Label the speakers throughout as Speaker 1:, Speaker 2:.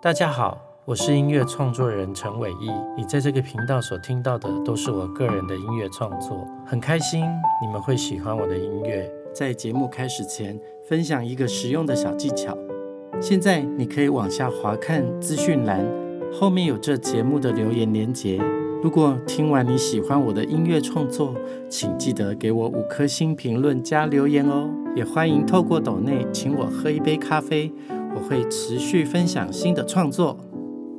Speaker 1: 大家好，我是音樂創作人陳偉毅。你在這個頻道所聽到的都是我個人的音樂創作，很開心你們會喜歡我的音樂。在節目開始前，分享一個實用的小技巧。現在你可以往下滑看資訊欄，後面有這節目的留言鏈接。如果聽完你喜歡我的音樂創作，請記得給我五顆星評論加留言哦。也歡迎透過斗內請我喝一杯咖啡。我會持續分享新的創作，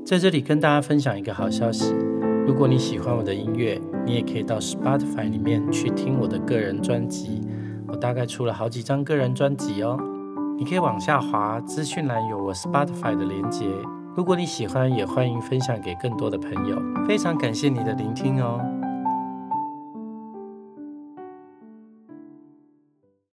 Speaker 1: 在這裡跟大家分享一個好消息。如果你喜歡我的音樂，你也可以到 Spotify 裡面去聽我的個人專輯。我大概出了好幾張個人專輯哦，你可以往下滑，資訊欄有我 Spotify 的連接。如果你喜歡，也歡迎分享給更多的朋友。非常感謝你的聆聽哦。